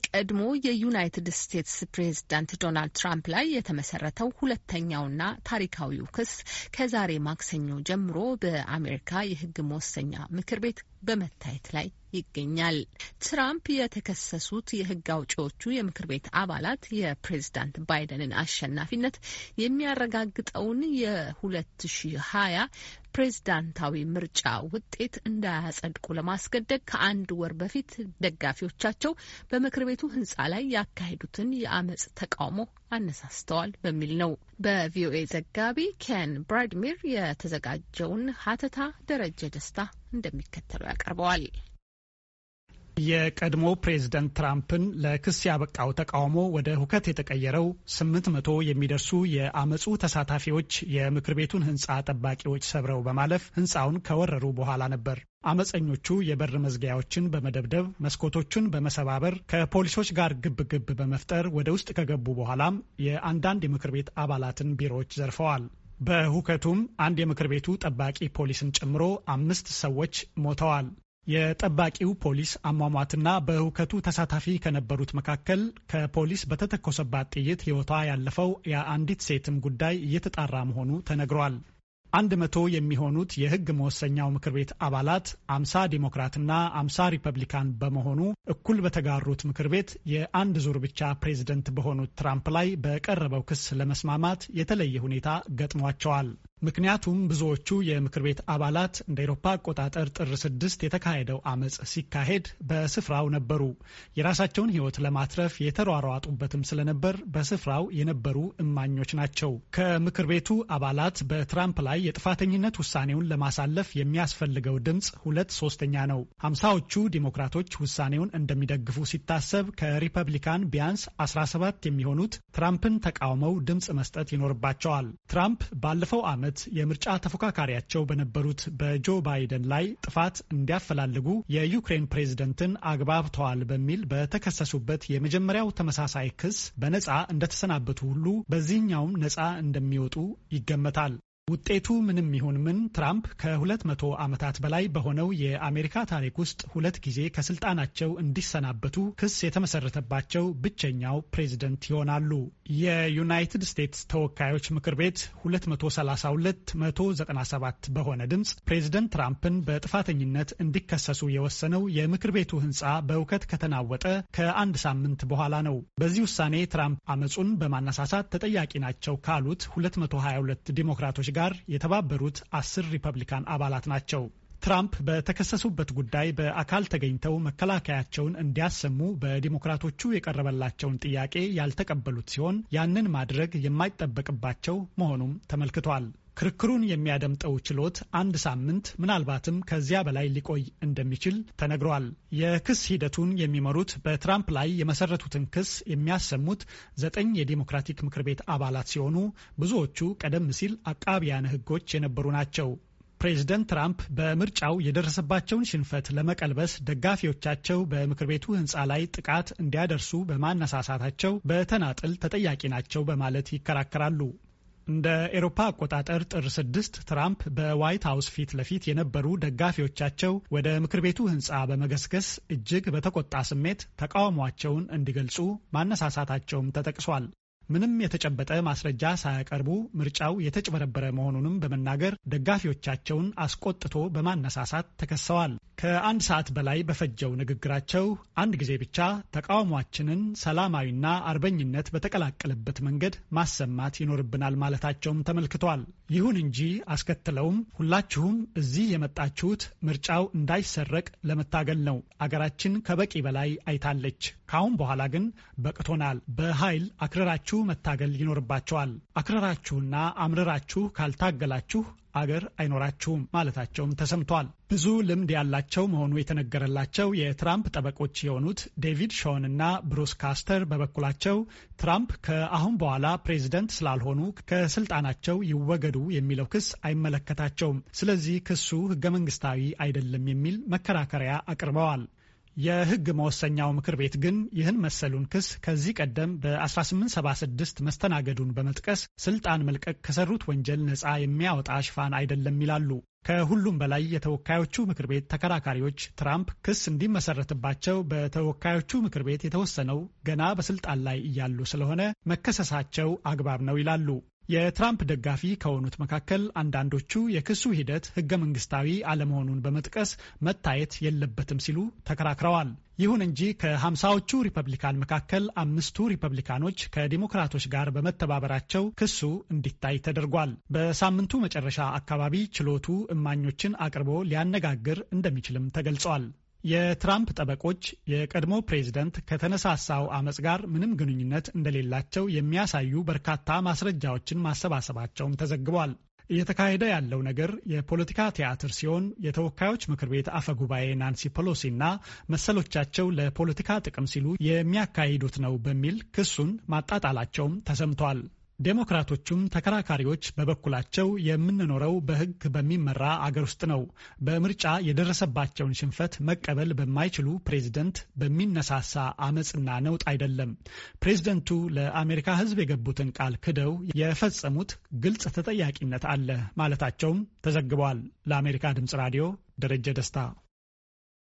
በቀድሞ የዩናይትድ ስቴትስ ፕሬዝዳንት ዶናልድ ትራምፕ ላይ የተመሰረተው ሁለተኛውና ታሪካዊው ክስ ከዛሬ ማክሰኞ ጀምሮ በአሜሪካ የሕግ መወሰኛ ምክር ቤት በመታየት ላይ ይገኛል። ትራምፕ የተከሰሱት የህግ አውጪዎቹ የምክር ቤት አባላት የፕሬዝዳንት ባይደንን አሸናፊነት የሚያረጋግጠውን የ2020 ፕሬዝዳንታዊ ምርጫ ውጤት እንዳያጸድቁ ለማስገደግ ከአንድ ወር በፊት ደጋፊዎቻቸው በምክር ቤቱ ህንጻ ላይ ያካሄዱትን የአመጽ ተቃውሞ አነሳስተዋል በሚል ነው። በቪኦኤ ዘጋቢ ኬን ብራድሚር የተዘጋጀውን ሀተታ ደረጀ ደስታ እንደሚከተለው ያቀርበዋል። የቀድሞ ፕሬዝደንት ትራምፕን ለክስ ያበቃው ተቃውሞ ወደ ሁከት የተቀየረው ስምንት መቶ የሚደርሱ የአመፁ ተሳታፊዎች የምክር ቤቱን ህንፃ ጠባቂዎች ሰብረው በማለፍ ህንፃውን ከወረሩ በኋላ ነበር። አመፀኞቹ የበር መዝጊያዎችን በመደብደብ መስኮቶቹን በመሰባበር ከፖሊሶች ጋር ግብግብ በመፍጠር ወደ ውስጥ ከገቡ በኋላም የአንዳንድ የምክር ቤት አባላትን ቢሮዎች ዘርፈዋል። በሁከቱም አንድ የምክር ቤቱ ጠባቂ ፖሊስን ጨምሮ አምስት ሰዎች ሞተዋል። የጠባቂው ፖሊስ አሟሟትና በሁከቱ ተሳታፊ ከነበሩት መካከል ከፖሊስ በተተኮሰባት ጥይት ሕይወቷ ያለፈው የአንዲት ሴትም ጉዳይ እየተጣራ መሆኑ ተነግሯል። አንድ መቶ የሚሆኑት የህግ መወሰኛው ምክር ቤት አባላት አምሳ ዴሞክራትና አምሳ ሪፐብሊካን በመሆኑ እኩል በተጋሩት ምክር ቤት የአንድ ዙር ብቻ ፕሬዝደንት በሆኑት ትራምፕ ላይ በቀረበው ክስ ለመስማማት የተለየ ሁኔታ ገጥሟቸዋል። ምክንያቱም ብዙዎቹ የምክር ቤት አባላት እንደ ኤሮፓ አቆጣጠር ጥር ስድስት የተካሄደው አመፅ ሲካሄድ በስፍራው ነበሩ። የራሳቸውን ሕይወት ለማትረፍ የተሯሯጡበትም ስለነበር በስፍራው የነበሩ እማኞች ናቸው። ከምክር ቤቱ አባላት በትራምፕ ላይ የጥፋተኝነት ውሳኔውን ለማሳለፍ የሚያስፈልገው ድምፅ ሁለት ሶስተኛ ነው። ሀምሳዎቹ ዲሞክራቶች ውሳኔውን እንደሚደግፉ ሲታሰብ ከሪፐብሊካን ቢያንስ 17 የሚሆኑት ትራምፕን ተቃውመው ድምፅ መስጠት ይኖርባቸዋል። ትራምፕ ባለፈው አመት ዓመት የምርጫ ተፎካካሪያቸው በነበሩት በጆ ባይደን ላይ ጥፋት እንዲያፈላልጉ የዩክሬን ፕሬዝደንትን አግባብተዋል በሚል በተከሰሱበት የመጀመሪያው ተመሳሳይ ክስ በነፃ እንደተሰናበቱ ሁሉ በዚህኛውም ነፃ እንደሚወጡ ይገመታል። ውጤቱ ምንም ይሁን ምን ትራምፕ ከሁለት መቶ ዓመታት በላይ በሆነው የአሜሪካ ታሪክ ውስጥ ሁለት ጊዜ ከስልጣናቸው እንዲሰናበቱ ክስ የተመሰረተባቸው ብቸኛው ፕሬዝደንት ይሆናሉ። የዩናይትድ ስቴትስ ተወካዮች ምክር ቤት 232 197 በሆነ ድምፅ ፕሬዝደንት ትራምፕን በጥፋተኝነት እንዲከሰሱ የወሰነው የምክር ቤቱ ህንፃ በእውከት ከተናወጠ ከአንድ ሳምንት በኋላ ነው። በዚህ ውሳኔ ትራምፕ አመፁን በማነሳሳት ተጠያቂ ናቸው ካሉት 222 ዲሞክራቶች ጋር የተባበሩት አስር ሪፐብሊካን አባላት ናቸው። ትራምፕ በተከሰሱበት ጉዳይ በአካል ተገኝተው መከላከያቸውን እንዲያሰሙ በዲሞክራቶቹ የቀረበላቸውን ጥያቄ ያልተቀበሉት ሲሆን ያንን ማድረግ የማይጠበቅባቸው መሆኑም ተመልክቷል። ክርክሩን የሚያደምጠው ችሎት አንድ ሳምንት ምናልባትም ከዚያ በላይ ሊቆይ እንደሚችል ተነግሯል። የክስ ሂደቱን የሚመሩት በትራምፕ ላይ የመሰረቱትን ክስ የሚያሰሙት ዘጠኝ የዲሞክራቲክ ምክር ቤት አባላት ሲሆኑ ብዙዎቹ ቀደም ሲል አቃቢያን ሕጎች የነበሩ ናቸው። ፕሬዚደንት ትራምፕ በምርጫው የደረሰባቸውን ሽንፈት ለመቀልበስ ደጋፊዎቻቸው በምክር ቤቱ ህንፃ ላይ ጥቃት እንዲያደርሱ በማነሳሳታቸው በተናጥል ተጠያቂ ናቸው በማለት ይከራከራሉ። እንደ ኤሮፓ አቆጣጠር ጥር ስድስት ትራምፕ በዋይት ሀውስ ፊት ለፊት የነበሩ ደጋፊዎቻቸው ወደ ምክር ቤቱ ህንፃ በመገስገስ እጅግ በተቆጣ ስሜት ተቃውሟቸውን እንዲገልጹ ማነሳሳታቸውም ተጠቅሷል። ምንም የተጨበጠ ማስረጃ ሳያቀርቡ ምርጫው የተጭበረበረ መሆኑንም በመናገር ደጋፊዎቻቸውን አስቆጥቶ በማነሳሳት ተከሰዋል። ከአንድ ሰዓት በላይ በፈጀው ንግግራቸው አንድ ጊዜ ብቻ ተቃውሟችንን ሰላማዊና አርበኝነት በተቀላቀለበት መንገድ ማሰማት ይኖርብናል ማለታቸውም ተመልክቷል። ይሁን እንጂ አስከትለውም ሁላችሁም እዚህ የመጣችሁት ምርጫው እንዳይሰረቅ ለመታገል ነው። አገራችን ከበቂ በላይ አይታለች። ከአሁን በኋላ ግን በቅቶናል። በኃይል አክረራችሁ መታገል ይኖርባቸዋል። አክረራችሁና አምርራችሁ ካልታገላችሁ አገር አይኖራችሁም ማለታቸውም ተሰምቷል። ብዙ ልምድ ያላቸው መሆኑ የተነገረላቸው የትራምፕ ጠበቆች የሆኑት ዴቪድ ሾን እና ብሩስ ካስተር በበኩላቸው ትራምፕ ከአሁን በኋላ ፕሬዚደንት ስላልሆኑ ከስልጣናቸው ይወገዱ የሚለው ክስ አይመለከታቸውም፣ ስለዚህ ክሱ ህገ መንግስታዊ አይደለም የሚል መከራከሪያ አቅርበዋል። የህግ መወሰኛው ምክር ቤት ግን ይህን መሰሉን ክስ ከዚህ ቀደም በ1876 መስተናገዱን በመጥቀስ ስልጣን መልቀቅ ከሰሩት ወንጀል ነፃ የሚያወጣ ሽፋን አይደለም ይላሉ። ከሁሉም በላይ የተወካዮቹ ምክር ቤት ተከራካሪዎች ትራምፕ ክስ እንዲመሰረትባቸው በተወካዮቹ ምክር ቤት የተወሰነው ገና በስልጣን ላይ እያሉ ስለሆነ መከሰሳቸው አግባብ ነው ይላሉ። የትራምፕ ደጋፊ ከሆኑት መካከል አንዳንዶቹ የክሱ ሂደት ህገ መንግስታዊ አለመሆኑን በመጥቀስ መታየት የለበትም ሲሉ ተከራክረዋል። ይሁን እንጂ ከሀምሳዎቹ ሪፐብሊካን መካከል አምስቱ ሪፐብሊካኖች ከዲሞክራቶች ጋር በመተባበራቸው ክሱ እንዲታይ ተደርጓል። በሳምንቱ መጨረሻ አካባቢ ችሎቱ እማኞችን አቅርቦ ሊያነጋግር እንደሚችልም ተገልጿል። የትራምፕ ጠበቆች የቀድሞ ፕሬዝደንት ከተነሳሳው አመፅ ጋር ምንም ግንኙነት እንደሌላቸው የሚያሳዩ በርካታ ማስረጃዎችን ማሰባሰባቸውም ተዘግቧል። እየተካሄደ ያለው ነገር የፖለቲካ ቲያትር ሲሆን የተወካዮች ምክር ቤት አፈ ጉባኤ ናንሲ ፔሎሲ እና መሰሎቻቸው ለፖለቲካ ጥቅም ሲሉ የሚያካሂዱት ነው በሚል ክሱን ማጣጣላቸውም ተሰምቷል። ዴሞክራቶቹም ተከራካሪዎች በበኩላቸው የምንኖረው በሕግ በሚመራ አገር ውስጥ ነው፣ በምርጫ የደረሰባቸውን ሽንፈት መቀበል በማይችሉ ፕሬዝደንት በሚነሳሳ አመፅና ነውጥ አይደለም። ፕሬዝደንቱ ለአሜሪካ ሕዝብ የገቡትን ቃል ክደው የፈጸሙት ግልጽ ተጠያቂነት አለ ማለታቸውም ተዘግበዋል። ለአሜሪካ ድምፅ ራዲዮ ደረጀ ደስታ